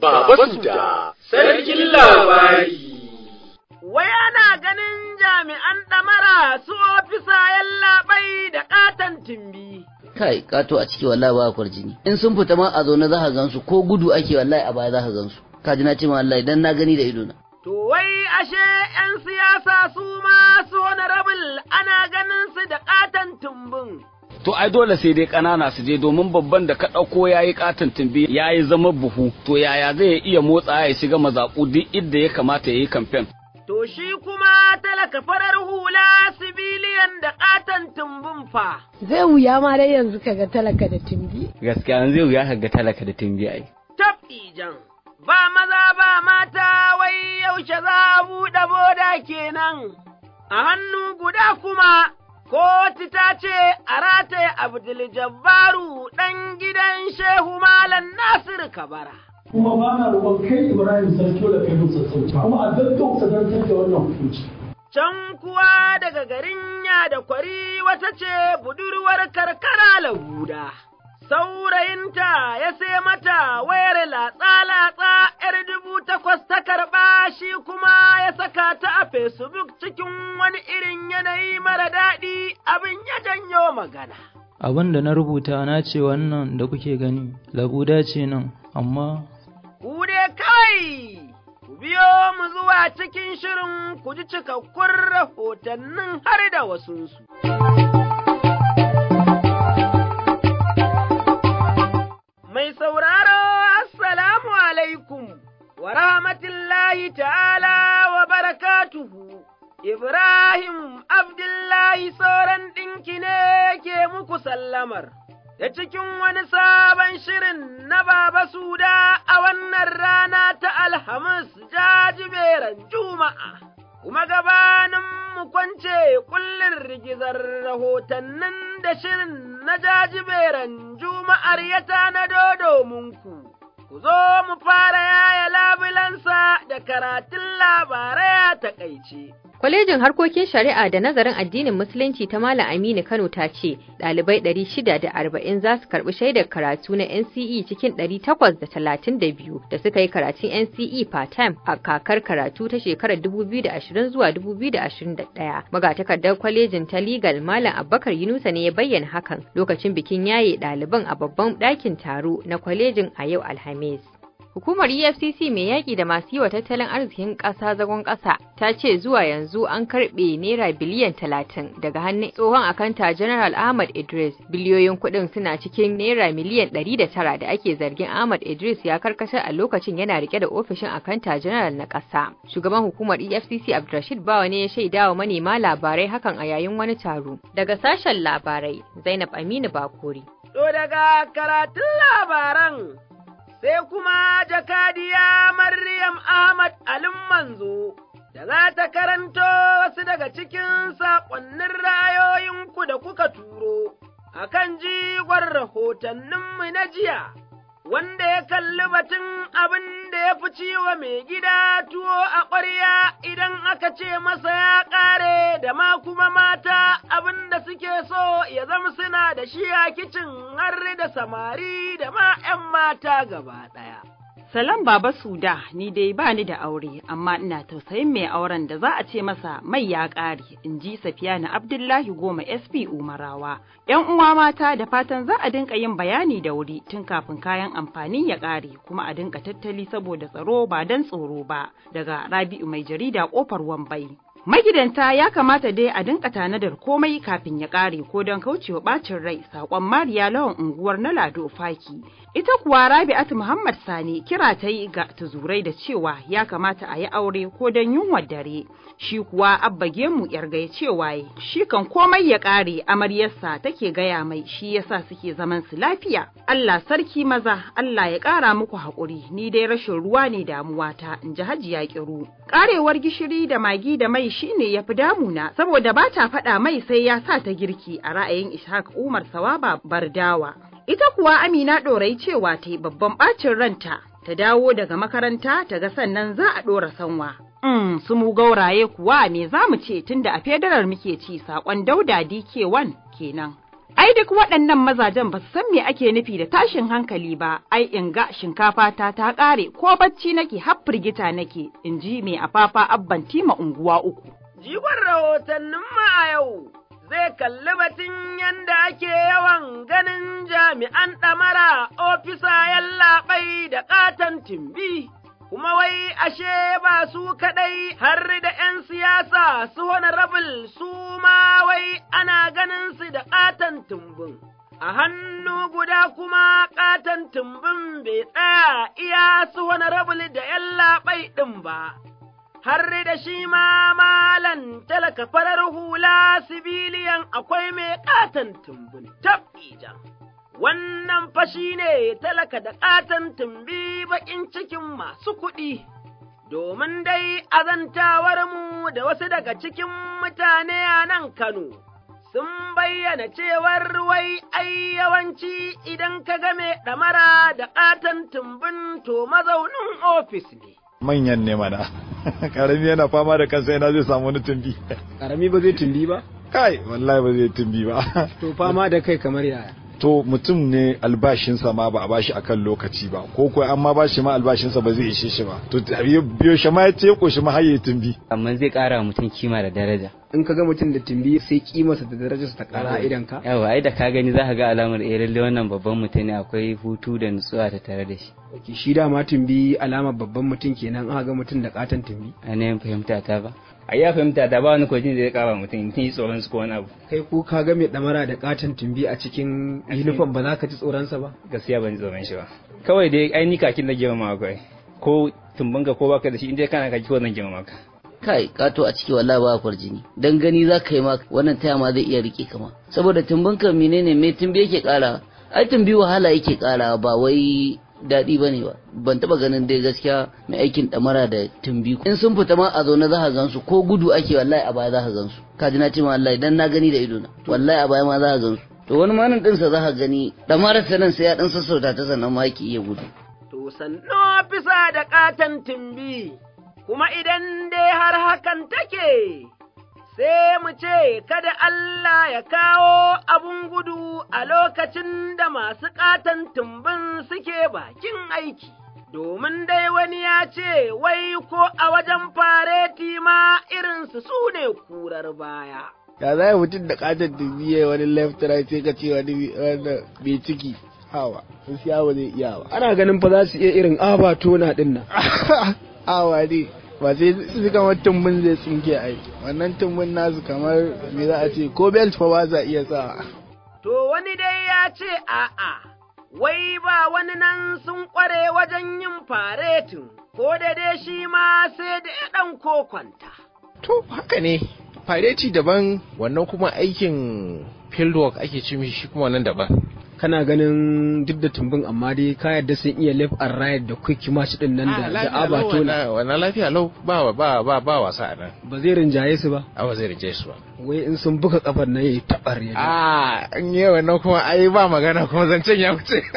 Baba Suda, sarkin labari. Wai ana ganin jami'an ɗamara su ofisa yan labai da ƙaton timbi. Kai, ƙato a ciki wallahi ba jini. In sun fita ma a zaune za ka gansu ko gudu ake wallahi a baya za ka gansu. Kaji na ce ma wallahi dan na gani da idona. To wai ashe 'yan siyasa su ma su honorable ana ganin su da ƙaton tumbin. to ai dole sai dai ƙanana su je domin babban da ka ɗauko ya yi tumbi ya zama buhu to yaya zai iya motsa ya shiga mazaƙu duk inda ya kamata ya yi kamfen. To shi kuma talaka farar hula sibiliyan da ƙaton tumbin fa. Zai wuya ma dai yanzu kaga talaka da tumbi. Gaskiya zai wuya kaga talaka da tumbi ai. jan. Ba maza ba mata wai yaushe za a buɗe boda kenan. A hannu guda kuma Kotu ta ce a rataye Abdul Jabbaru ɗan gidan Shehu Malam Nasir Kabara. Kuma ba na roƙon kai Ibrahim Sarki da kai sassauci, kuma a danto sadantar da wannan hukunci. Can kuwa daga garin ya da kwari wata ce budurwar karkara laguda. Saurayinta ya sai mata wayar latsa-latsa ɗari dubu takwas ta karɓa shi kuma ya saka ta a Facebook cikin wani irin yanayi mara daɗi abin ya janyo magana. Abin da na rubuta na ce wannan da kuke gani, labuda ce nan, amma. Ku dai kawai! Ku biyo mu zuwa cikin shirin ku ji cikakkun rahotannin har da wasunsu. Mai sauraro ورحمة الله تعالى barakatuhu Ibrahim Abdullahi sauran ɗinki ne ke muku sallamar, da cikin wani sabon shirin na Baba Suda a wannan rana ta Alhamis jajiberan Juma'a, kuma gabanin mu kwance kullin rigizar rahotannin da shirin na jajiberan Juma'ar ya tanado dodo ku, ku zo mu fara labarai takaice. Kwalejin harkokin shari'a da nazarin addinin Musulunci ta Malam Aminu Kano ta ce ɗalibai arba'in za su karɓi shaidar karatu na NCE cikin takwas da da suka yi karatun NCE part-time a kakar karatu ta shekarar 2020 zuwa 2021. Magatakardar kwalejin ta Legal Malam Abubakar Yunusa ne ya bayyana hakan lokacin bikin yaye ɗaliban a babban ɗakin taro na kwalejin a yau Alhamis. Hukumar EFCC mai yaƙi da masu yi wa tattalin arzikin ƙasa zagon ƙasa ta ce zuwa yanzu an karɓe naira biliyan talatin daga hannun tsohon akanta General Ahmad Idris. Biliyoyin kuɗin suna cikin naira miliyan ɗari da tara da ake zargin Ahmad Idris ya karkashar a lokacin yana riƙe da ofishin akanta General na ƙasa. Shugaban hukumar EFCC Abdulrashid Bawa ne ya shaida wa manema labarai hakan a yayin wani taro. Daga sashen labarai Zainab Aminu Bakori. To daga karatun labaran sai kuma jakadiya Maryam Ahmad Alin Manzo, da za ta karanto wasu daga cikin saƙonnin ra'ayoyinku da kuka turo, a kan jigon rahotanninmu na jiya. wanda ya kalli batun abin da ya fi ciwo mai gida tuwo a ƙwarya idan aka ce masa ya ƙare da ma kuma mata abin da suke so ya zama suna da shi a kicin har da samari da ma ‘yan mata gaba ɗaya. Salam Baba Suda ni dai ba ni da aure amma ina tausayin mai auren da za a ce masa mai ya ƙare in ji Safiyana Abdullahi Goma SP Umarawa. ‘Yan uwa mata da fatan za a dinka yin bayani da wuri tun kafin kayan amfani ya ƙare kuma a dinka tattali saboda tsaro ba don tsoro ba daga Rabi'u mai jarida Kofar Wambai. Magidanta ya kamata dai a dinka tanadar komai kafin ya ƙare ko don kaucewa ɓacin rai saƙon Mariya Lawan unguwar na Lado Faki. Ita kuwa Rabi'atu Muhammad Sani kira ta yi ga tuzurai da cewa ya kamata a yi aure ko don yunwar dare, shi kuwa abba gemu yarga cewa shi kan komai ya ƙare amaryarsa take gaya mai shi yasa suke zaman su lafiya. Allah sarki maza, Allah ya ƙara muku haƙuri, ni dai rashin ruwa ne damuwa ta, in ji ya ƙiru. Ƙarewar gishiri da magi da mai shi ne ya fi damuna, saboda ba ta faɗa mai sai ya sa ta girki a ra'ayin Ishaq Umar Sawaba Bardawa. Ita kuwa Amina ɗorai cewa ta yi babban ɓacin ranta, ta dawo daga makaranta ta ga sannan za a ɗora sanwa. Mm, su mu gauraye kuwa me za mu ce tunda a fedarar muke ci saƙon dauda DK1 kenan. Ai duk waɗannan mazajen ba su san me ake nufi da tashin hankali ba, ai in ga shinkafa ta ta ƙare ko bacci nake har firgita nake, in ji me mai afafa abban tima unguwa uku. Jigon rahotannin ma a yau. zai kalli batun yadda ake yawan ganin jami'an ɗamara ofisa yallaɓai da ƙaton timbi. kuma wai ashe ba su kaɗai har da ’yan siyasa su rabul su ma wai ana ganin su da ƙaton tumbin. A hannu guda kuma ƙaton tumbin bai tsaya iya su rabul da ’yan ɗin ba. har da shi ma malan talaka farar hula sibiliyan akwai mai ƙaton tumbin tabbija. Wannan fashi ne talaka da ƙaton tumbi baƙin cikin masu kuɗi, domin dai azantawar mu da wasu daga cikin mutane a nan Kano. sun bayyana cewar wai ai yawanci idan ka game ɗamara da katan tumbin to mazaunin ofis ne. Manyan ne mana, ƙarami yana fama da kansa yana zai samu wani tumbi. Ƙarami ba zai tumbi ba? Kai, wallahi ba zai tumbi ba. To fama da kai kamar yaya? to mutum ne albashinsa ma ba a bashi akan lokaci ba ko kuwa an ma bashi ma albashinsa ba zai ishe shi ba to biyo shi ma ya ce ko shi ma ya tumbi amma zai ƙara mutum kima da daraja in ka ga mutum da tumbi sai kimarsa da darajarsa ta kara idan ka yawa ai da ka gani zaka ga alamar irin eh, lalle wannan babban mutum ne akwai hutu da nutsuwa ta tare da shi okay shi dama tumbi alamar babban mutum kenan aka ga mutum da katan tumbi a ne fahimta ta ba a iya fahimta ta ba wani kwajin da ya kawo mutum mutum yi tsoron su ko wani abu kai ko ka ga mai damara da katon tumbi a cikin uniform eh. ba za ka ji tsoronsa ba gaskiya ban ji tsoron shi ba kawai dai ai ni kakin na girma akwai ko tumbanka ko baka da shi inda kana kaki ko nan girma ka kai kato a ciki wallahi ba jini dan gani za ka yi ma wannan taya ma zai iya rike kama saboda tumbin menene me tumbi yake kara ai tumbi wahala yake kara ba wai daɗi ba ne ba ban taɓa ganin dai gaskiya mai aikin ɗamara da tumbi in sun fita ma a zaune za a gansu ko gudu ake wallahi a baya za a gansu ka na ce ma wallahi dan na gani da ido na wallahi a baya ma za a gansu to wani din sa za a gani ɗamarar sa nan sai ya ɗan sassauta ta sannan ma yake iya gudu. to sannan bisa da katon tumbi kuma idan dai har hakan take, sai mu ce kada Allah ya kawo abun gudu a lokacin da masu ƙatan tumbin suke bakin aiki. Domin dai wani ya ce, wai ko a wajen fareti ma irinsu su ne kurar baya. Ya za mutum da ƙaton tumbi ya wani left right sai ka ce wani mai ciki. Hawa, siya wa zai iya ba. Ana ganin fa za su iya irin abatona ɗin nan. awari ba sai su kamar tumbin zai tsinke a yi wannan tumbin nasu kamar me za a ce ko belt fa ba za iya sa To wani dai ya ce a'a, wai ba wani nan sun kware wajen yin faretin, ko da dai shi ma sai da ya dan kokonta. To haka ne, fareti daban wannan kuma aikin fieldwork ake ce shi kuma nan daban. kana ganin duk da tumbin amma dai ka yarda sun iya left and right da quick match din nan da ah, da abato na wannan lafiya lau ba ba ba ba wasa nan ba zai rinjaye su ba a ah, ba zai rinjaye su ba wai in sun buga kafar nan yayi tabar ya a ah, in yi wannan kuma ai ba magana kuma zancen ya wuce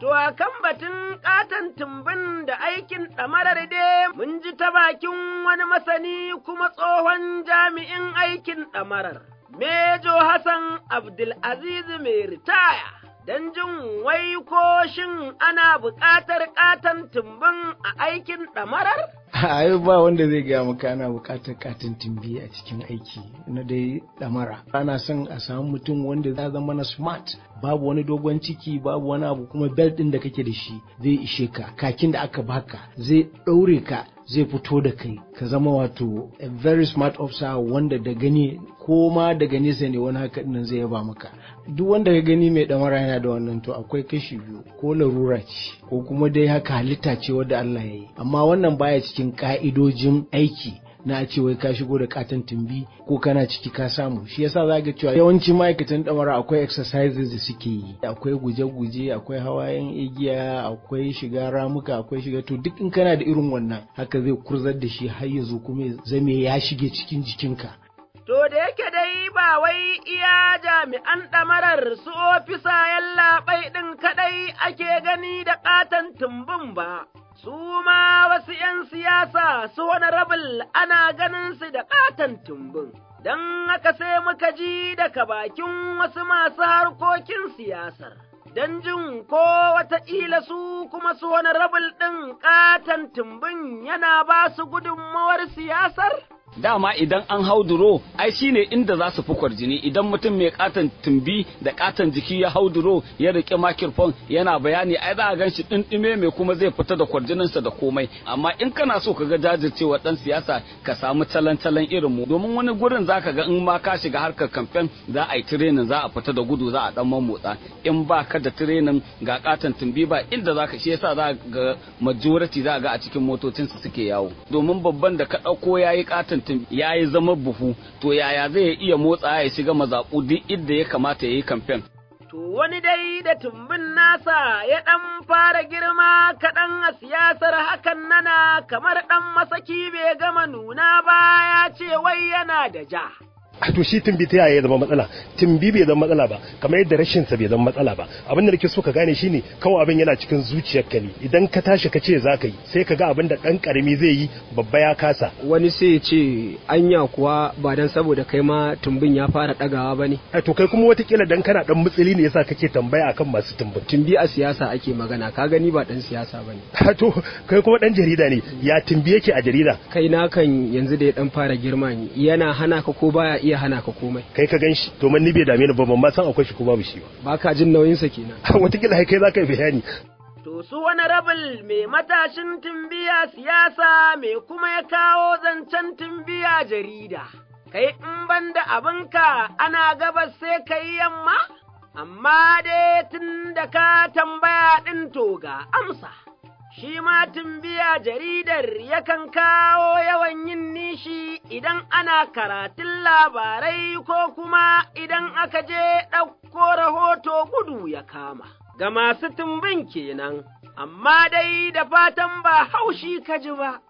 To a kan batun ƙaton tumbin da aikin ɗamarar dai mun ji ta bakin wani masani kuma tsohon jami'in aikin ɗamarar. Mejo Hassan Abdulaziz mai ritaya, don jin wai ko shin ana buƙatar ƙaton tumbin a aikin ɗamarar? ai ba wanda zai gaya maka ana bukatar katin timbi a cikin aiki na dai damara ana son a samu mutum wanda za zama na smart babu wani dogon ciki babu wani abu kuma bel din da kake da shi zai ishe ka kakin da aka baka zai ɗaure ka zai fito da kai ka zama wato a very smart officer wanda da gani ko ma daga nesa ne wani haka nan zai yaba maka duk wanda ka gani mai damara yana da wannan to akwai kashi biyu ko larura ce ko kuma dai haka halitta ce wadda Allah ya yi amma wannan baya cikin cikin ka'idojin aiki na ce wai ka shigo da katon tumbi ko kana ciki ka samu shi yasa za ga cewa yawanci ma'aikatan ɗamara akwai exercises da suke yi akwai guje-guje akwai hawayen igiya akwai shiga ramuka akwai shiga to duk in kana da irin wannan haka zai kurzar da shi har ya zo kuma zame ya shige cikin jikinka To da yake dai ba wai iya jami'an ɗamarar su ofisa yalla labai ɗin kaɗai ake gani da ƙaton tumbun ba, su ‘yan siyasa su wani rabin ana ganin su da ƙaton tumbin. Don haka sai muka ji daga bakin wasu masu harkokin siyasar. Don jin ko wataƙila su kuma su wani rabin ɗin ƙaton tumbin yana ba su gudunmawar siyasar? dama idan an hau duro ai shine inda za su fi kwarjini idan mutum mai katon tumbi da katon jiki ya hau duro ya rike makirfon yana bayani ai za a gan shi dindime mai kuma zai fita da kwarjininsa da komai amma in kana so ka ga jajircewa dan siyasa ka samu talan irin mu domin wani gurin za ka ga in ma ka shiga harkar kamfen za a yi tirenin za a fita da gudu za a dan motsa in ba ka da tirenin ga katon tumbi ba inda za ka shi yasa za ga majority za ga a cikin motocinsu suke yawo domin babban da ka ɗauko ya yi katon mutum ya yi zama buhu to yaya zai iya motsa ya shiga mazaƙu duk inda ya kamata ya yi kamfen. To wani dai da tumbin nasa ya ɗan fara girma kaɗan a siyasar hakan nana kamar ɗan masaki bai gama nuna ba ya ce wai yana da ja. to shi tumbi ta yaya zama matsala tumbi bai zama matsala ba kamar yadda rashin sa bai zama matsala ba abin da nake so ka gane shine kawai abin yana cikin zuciyar ka ne idan ka tashi ka ce za ka yi sai ka ga abin da dan karami zai yi babba ya kasa wani sai ya ce anya kuwa ba dan saboda kai ma tumbin ya fara dagawa bane to kai kuma watakila dan kana dan mutsili ne yasa kake tambaya akan masu tumbin tumbi a siyasa ake magana ka gani ba dan siyasa bane to kai kuma dan jarida ne ya tumbi yake a jarida kai na kan yanzu da ya dan fara girma yana hana ka ko baya iya hana ka komai kai ka ganshi to man ni bai dame ni ba ban ma san akwai shi ko babu shi ba ba ka jin nauyin sa kenan watakila kai za ka yi bayani to su wani rabul mai matashin timbiya siyasa mai kuma ya kawo zancen timbiya jarida kai in banda abinka ana gabas sai ka yi yamma amma dai tun da ka tambaya ɗin to ga amsa shi ma tumbiya jaridar yakan kawo yawan yin nishi idan ana karatun labarai ko kuma idan aka je ɗauko rahoto gudu ya kama. Ga masu tumbin kenan, amma dai da fatan ba haushi kaji ba.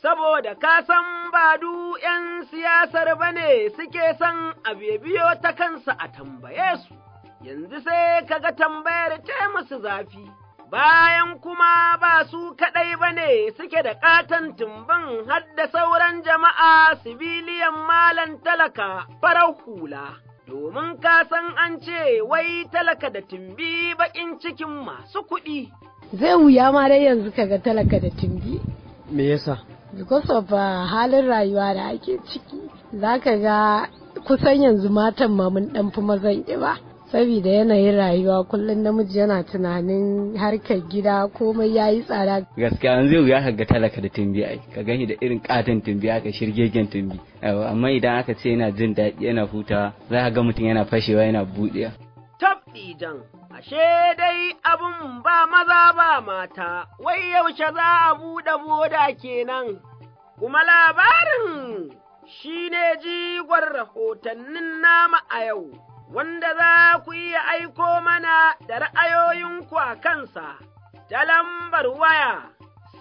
saboda ka san ba du ’yan siyasar ba ne suke son biyo ta kansa a tambaye su, yanzu sai kaga tambayar ta musu zafi. bayan kuma ba su kaɗai ba ne suke da ƙaton tumbin hadda sauran jama'a sibiliyan malan talaka farar hula. Domin ka san an ce wai talaka da tumbi baƙin cikin masu kuɗi. Zai wuya ma dai yanzu kaga talaka da tumbi? Me yasa? Because of uh, halin rayuwa da ake ciki, za ka ga kusan yanzu matan ma mun ɗan fi mazan ƙiba. saboda yanayin rayuwa kullum namiji yana tunanin harkar gida komai ya yi tsada gaskiya an zai wuya ga talaka da tumbi ai ka gani da irin katon tumbi aka shirgegen tumbi amma idan aka ce yana jin daɗi yana hutawa za ka ga mutum yana fashewa yana buɗewa tab idan ashe dai abun ba maza ba mata wai yaushe za a buɗe boda kenan kuma labarin shine ne jigon rahotannin nama a yau wanda za ku iya aiko mana da ra'ayoyinku a kansa, ta lambar waya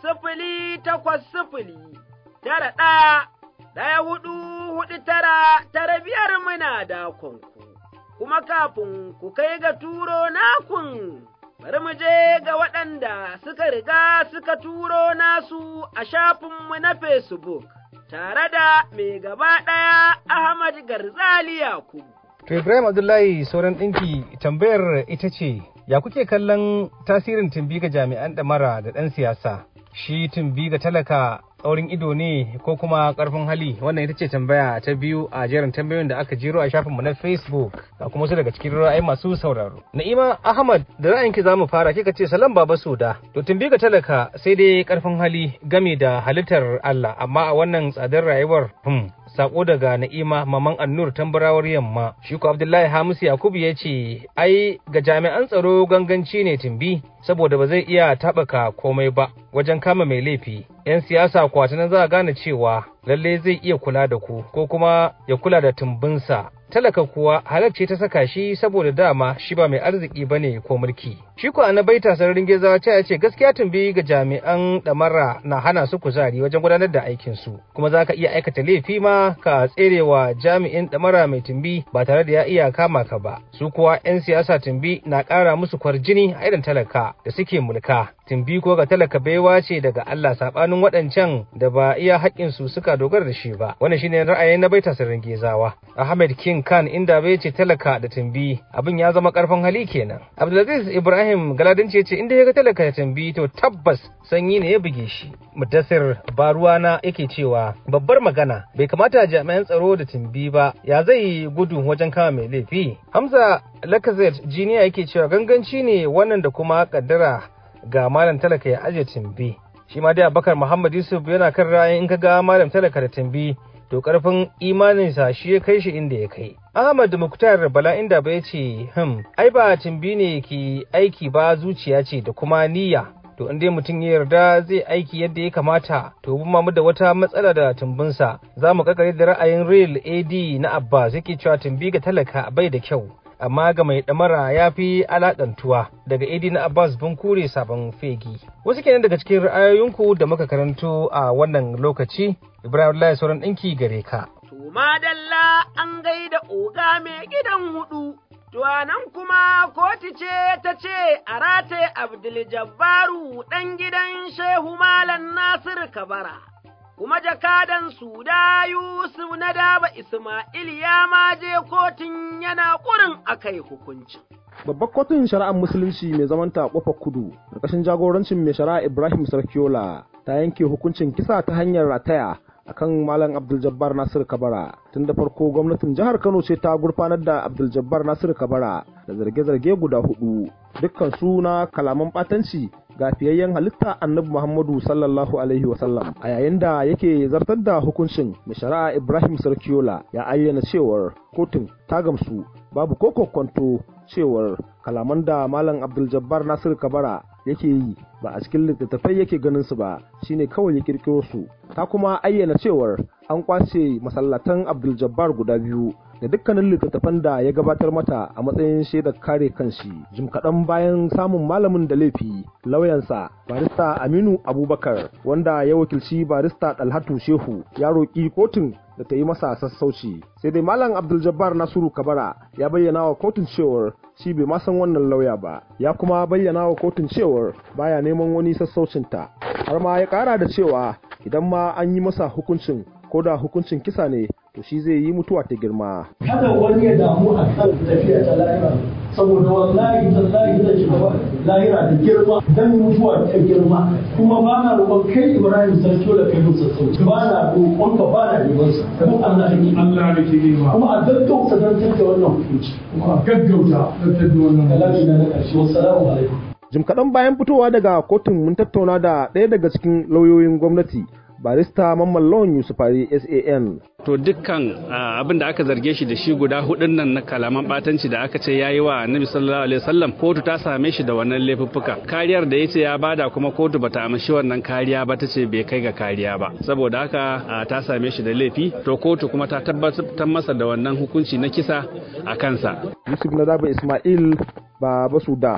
sifili takwas sifili, tara ɗaya, ɗaya hudu hudu tara, tara biyar muna dakonku, kuma kafin ku kai ga turo nakun. Bari mu je ga waɗanda suka riga suka turo nasu a shafinmu na Facebook, tare da mai gaba ɗaya Ahmad Garzali Yakubu. To Ibrahim Abdullahi sauran ɗinki tambayar ita ce, ya kuke kallon tasirin tumbi ga jami'an ɗamara da ɗan siyasa? Shi tumbi ga talaka tsaurin ido ne ko kuma karfin hali wannan ita ce tambaya ta biyu a jerin tambayoyin da aka jiro a shafinmu na facebook ga kuma su daga cikin ra'ayi masu sauraro na'ima ahmad da ra'ayinki za mu fara kika ce salam baba soda to tumbi ga talaka sai dai karfin hali game da halittar allah amma a wannan tsadar rayuwar hmm. sako daga na'ima maman annur tambarawar yamma shi abdullahi hamisu yakubu ya ce ai ga jami'an tsaro ganganci ne tumbi saboda ba zai iya taɓaka komai ba wajen kama mai laifi 'yan siyasa kwatanan za a gane cewa lalle zai iya kula da ku ko kuma ya kula da tumbinsa talaka kuwa halarci ta saka shi saboda dama shi ba mai arziki ba ne ko mulki shi ko baita sararin gezawa ce ce gaskiya tumbi ga jami'an ɗamara na hana su kuzari wajen gudanar da aikin su kuma zaka iya aikata laifi ma ka tserewa jami'in ɗamara mai tumbi ba tare da ya iya kama ka ba su kuwa 'yan siyasa tumbi na ƙara musu kwarjini a irin talaka da suke mulka tumbi ko ga talaka baiwa ce daga Allah saɓanin waɗancan da ba iya haƙƙin su suka a dogara da shi ba wannan shine ra'ayin na baita sirrin gezawa Ahmed King Khan inda bai ce talaka da tumbi abin ya zama karfin hali kenan Abdulaziz Ibrahim Galadinci ce inda ya ga talaka da tumbi to tabbas sanyi ne ya buge shi Mudassir Baruwana yake cewa babbar magana bai kamata jami'an tsaro da tumbi ba ya zai gudu wajen kama mai laifi Hamza Lakazet jiniya yake cewa ganganci ne wannan da kuma kaddara ga malam talaka ya aje tumbi shi ma dai abakar muhammad yusuf yana kan ra'ayin in ka ga malam talaka da tambi to karfin imaninsa shi ya kai shi inda ya kai ahmad muktar bala inda ba ce hmm ai ba tambi ne ke aiki ba zuciya ce da kuma niyya to in dai mutum ya yarda zai aiki yadda ya kamata to mu mu da wata matsala da tumbinsa za mu kakare da ra'ayin real ad na abbas yake cewa tumbi ga talaka bai da kyau amma ga mai ɗamara ya fi alaƙantuwa daga idina abbas bunkure sabon fegi wasu kenan daga cikin ra'ayoyinku da muka karanto a wannan lokaci ibrahim lai sauran ɗinki gare ka to madalla an gaida oga mai gidan hudu Tuwanan kuma kotu ce ta ce a rataye Abdul Jabbaru ɗan gidan Shehu Malam Nasiru Kabara. kuma jakadan da Yusuf na daba Ismail ya ma je kotun yana ƙurin akai hukuncin. Babbar kotun shari'ar Musulunci mai zaman ta kofa kudu, ƙarƙashin jagorancin mai shari'a Ibrahim Sarkiola ta yanke hukuncin kisa ta hanyar rataya akan Malam Abdul Jabbar Nasir Kabara. Tun da farko gwamnatin jihar Kano ce ta gurfanar da Abdul Jabbar Nasir Kabara da zarge-zarge guda hudu, dukkan su na kalaman ɓatanci ga halitta annabi Muhammadu sallallahu alaihi wasallam a yayin da yake zartar da hukuncin mai shari'a Ibrahim Sarkiola ya ayyana cewar kotun ta gamsu babu ko kwanto cewar kalaman da Malam Abdul Jabbar Nasir Kabara yake yi ba a cikin littattafai yake ganin su ba shine kawai ya kirkiro su ta kuma ayyana cewar an kwace masallatan Abdul Jabbar guda biyu da dukkanin littattafan da ya gabatar mata a matsayin shaidar kare kanshi jim kaɗan bayan samun malamin da laifi lauyansa barista aminu abubakar wanda ya wakilci barista dalhatu shehu ya roƙi kotun da ta yi masa sassauci sai dai malam Abduljabbar jabbar nasiru kabara ya bayyana wa kotun cewar shi bai ma san wannan lauya ba ya kuma bayyana wa kotun cewar baya neman wani sassaucinta har ma ya kara da cewa idan ma an yi masa hukuncin ko da hukuncin kisa ne to shi zai yi mutuwa ta girma. Kada wani ya damu a kan tafiya ta lahira saboda wallahi ta zai ci gaba lahira da girma dan mutuwa ta girma kuma ba na roƙon kai Ibrahim sarki da kai musu sarki ba na roƙon ka ba na neman sa kuma Allah ne Allah ne ke kuma a gaggauta dan tattauna wannan hukunci kuma gaggauta dan tattauna wannan kalami na na ƙarshe wassalamu alaikum jim kaɗan bayan fitowa daga kotun mun tattauna da ɗaya daga cikin lauyoyin gwamnati barista mamman lawan yusuf ari san to dukkan ah, abin da aka zarge shi da shi guda hudun nan na kalaman batanci da aka ce ya yi wa annabi sallallahu alaihi wasallam kotu ta same shi da wannan laifuffuka kariyar da ya ce ya bada kuma kotu bata amshi wannan kariya ba ta ce bai kai ga kariya ba saboda haka ah, ta same shi da laifi to kotu kuma ta tabbatar masa da wannan hukunci na kisa a kansa yusuf na daba ismail baba su to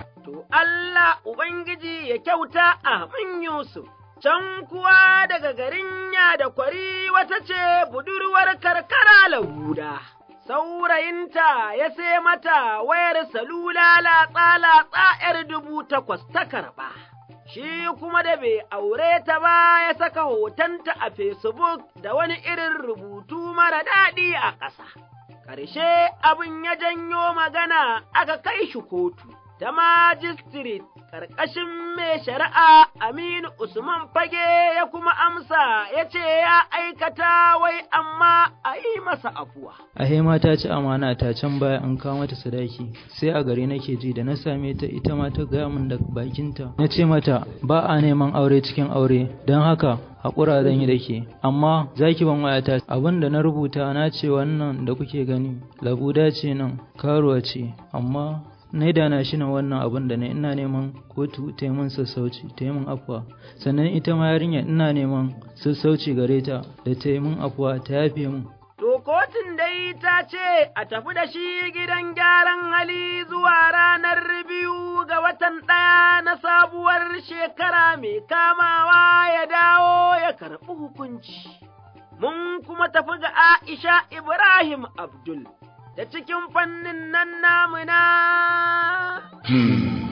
Allah ubangiji ya kyauta a Yusuf can kuwa daga garin ya da kwari wata ce budurwar karkara lauda. Saurayinta ya sai mata wayar salula latsa-latsa ‘yar dubu takwas ta karɓa, shi kuma da bai aure ta ba ya saka hotonta a Facebook da wani irin rubutu mara daɗi a ƙasa. Ƙarshe abin ya janyo magana aka kai shi kotu. ta majistirit ƙarƙashin mai shari'a Aminu Usman Fage ya kuma amsa ya ce ya aikata wai amma a yi masa afuwa. Ahema ta ci amana ta can baya an kawo mata sadaki sai a gari nake ji da na same ta ita ma ta gaya min da bakinta. Na ce mata ba a neman aure cikin aure don haka haƙura zan yi da ke amma za ki ban wayata abin da na rubuta na ce wannan da kuke gani labuda ce nan karuwa ce amma na da na shi na wannan abin da ne ina neman kotu ta yi min sassauci ta yi min afuwa sannan ita ma yarinyar ina neman sassauci gare ta da ta yi min afuwa ta yafe min To kotun dai ta ce a tafi da shi gidan gyaran hali zuwa ranar biyu ga watan ɗaya na sabuwar shekara mai kamawa ya dawo ya karɓi hukunci. Mun kuma tafi ga Aisha Ibrahim Abdul. da cikin fannin nan namuna. Hmm.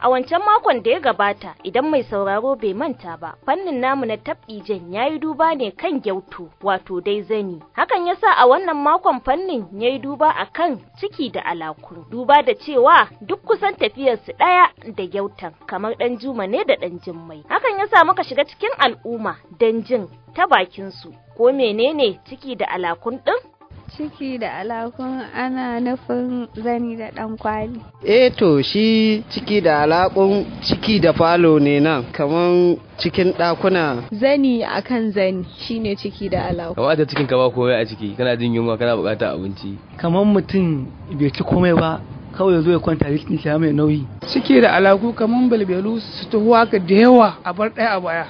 A wancan makon da ya gabata idan mai sauraro bai manta ba, fannin namu na tab'ijen ya yi duba ne kan gyautu wato dai zani. Hakan ya sa a wannan makon fannin ya yi duba a kan ciki da alaku. Duba da cewa duk kusan tafiyarsu ɗaya da gyautan kamar ɗan juma ne da ɗan jimmai. Hakan ya sa muka shiga cikin al'umma don jin ta bakinsu ko menene ciki da alakun ɗin? Ciki da alakun ana nufin zani da kwali Eh to shi ciki da alakun ciki da falo ne nan kaman cikin ɗakuna. Zani akan zani shine ciki da alakun. Kamar da cikin ka ba komai a ciki kana jin yunwa kana bukata abinci. Kamar mutum bai ci komai ba kawai ya zo ya kwanta rikin sa mai nauyi Ciki da alaku kaman balbelu su tuhu haka da yawa a bar ɗaya a baya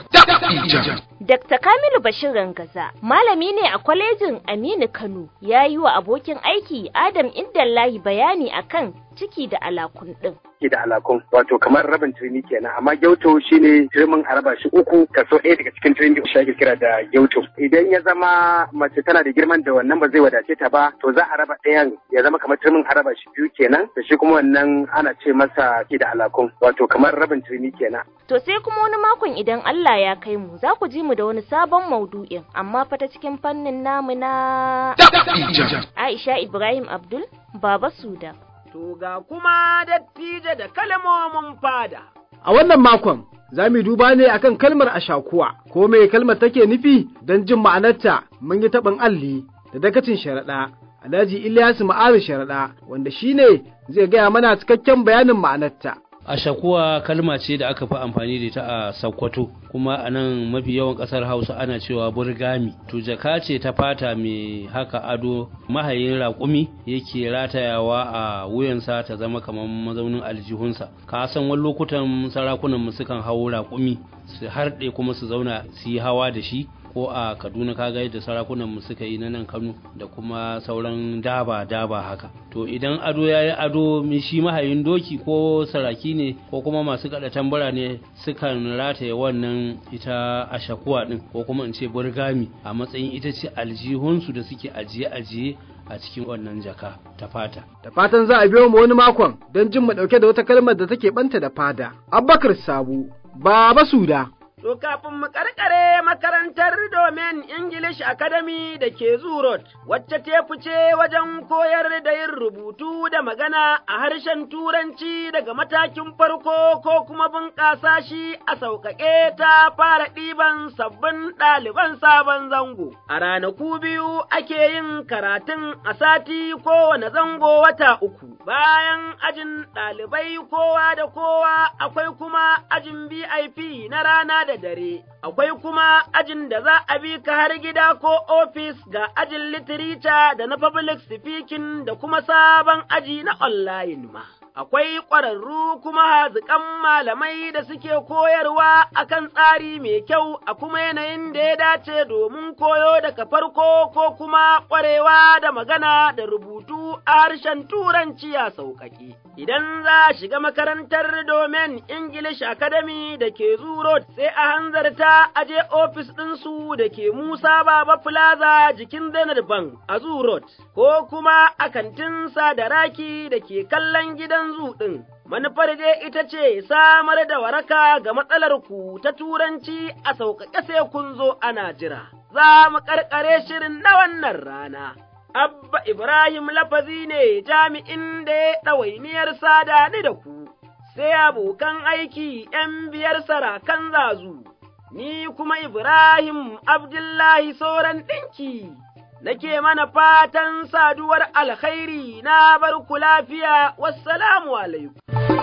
Dr. Kamilu Bashir Rangaza, malami ne a kwalejin Aminu Kano, ya yi wa abokin aiki Adam Indallahi bayani akan ciki da alakun ɗin. Ciki da alakun wato kamar rabin turmi kenan amma gyauto shine turmin a raba shi uku kaso ɗaya daga cikin turmi shi ake kira da gyauto. Idan ya zama mace tana da girman da wannan ba zai wadace ta ba to za a raba ɗayan ya zama kamar turmin a raba shi biyu kenan da shi kuma wannan ana ce masa ciki da alakun wato kamar rabin turmi kenan. To sai kuma wani makon idan Allah ya kai mu za ku ji mu da wani sabon maudu'in amma fa ta cikin fannin namu na Aisha Ibrahim Abdul Baba Suda. To ga kuma dattijo da kalmomin fada. A wannan makon za mu duba ne akan kalmar ashakuwa ko me kalmar take nufi don jin ma'anarta mun yi taɓin alli da dakacin sharaɗa. Alhaji Ilyasu Ma'aru Sharaɗa wanda shine zai gaya mana cikakken bayanin ma'anarta. ashakuwa kalma ce da aka fi amfani da ita a sakkwato kuma a nan mafi yawan ƙasar hausa ana cewa burgami to jaka ce ta fata mai haka ado mahayin raƙumi yake ratayawa a wuyansa ta zama kamar mazaunin aljihunsa ka san wani lokutan sarakunan mu sukan hau raƙumi su harɗe kuma su zauna su yi hawa da shi ko a kaduna kaga yadda sarakunan mu suka yi na nan kano da kuma sauran daba daba haka to idan ado ya yi ado shi mahayin doki ko saraki ne ko kuma masu kada tambara ne sukan rataye wannan ita ashakuwa din ko kuma in ce burgami a matsayin ita ce aljihunsu da suke ajiye ajiye a cikin wannan jaka ta fata. Da fatan za a biyo mu wani makon don jin mu dauke da wata kalmar da take banta da fada. Abubakar Sabu Baba Suda. To kafin mu karkare makarantar domin English Academy da ke Zurot, wacce ta fice wajen koyar da yin rubutu da magana a harshen Turanci daga matakin farko ko kuma bunƙasa shi a sauƙaƙe ta fara ɗiban sabbin ɗaliban sabon zango. A ranaku biyu ake yin karatun a sati kowane zango wata uku. bayan ajin ɗalibai kowa da kowa akwai kuma ajin B.I.P na rana da dare, akwai kuma ajin da za a bi ka har gida ko ofis ga ajin litirita da na public speaking da kuma sabon aji na online ma. akwai ƙwararru kuma haziƙan malamai da suke koyarwa akan tsari mai kyau a kuma yanayin da ya dace domin koyo daga farko ko kuma ƙwarewa da magana da rubutu a harshen Turanci a sauƙaƙe. Idan za a shiga makarantar domin English Academy da ke Zoo sai a hanzarta aje ofis ɗinsu da ke Musa Baba Plaza jikin Zainab Bank a Zoo ko kuma a kantin Sadaraki da ke kallon gidan kanzu ɗin, manufar dai ita ce samar da waraka ga matsalar ku ta turanci a sauƙaƙe sai kun zo ana jira. Za mu ƙarƙare shirin na wannan rana. Abba Ibrahim lafazi ne jami'in da ya ɗawainiyar sada ni da ku, sai abokan aiki ’yan biyar sarakan zazu, ni kuma Ibrahim Abdullahi sauran ɗinki. nake mana fatan saduwar alkhairi na barku lafiya, wassalamu alaikum.